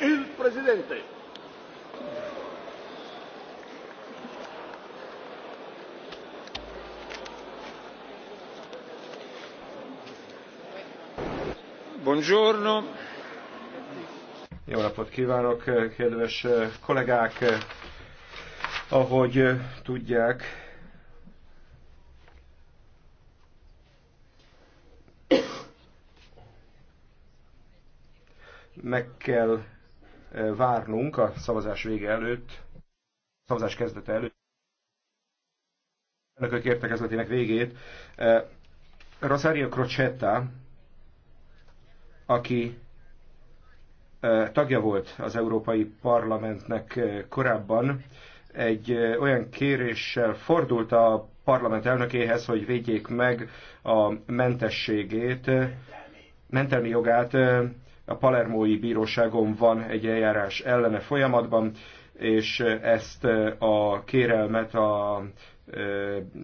il presidente. Buongiorno. Jó napot kívánok, kedves kollégák! Ahogy tudják, meg kell várnunk a szavazás vége előtt, szavazás kezdete előtt, elnökök értekezletének végét. Rosario Crocetta, aki tagja volt az Európai Parlamentnek korábban, egy olyan kéréssel fordult a parlament elnökéhez, hogy védjék meg a mentességét, mentelmi jogát a Palermói Bíróságon van egy eljárás ellene folyamatban, és ezt eh, a kérelmet a eh,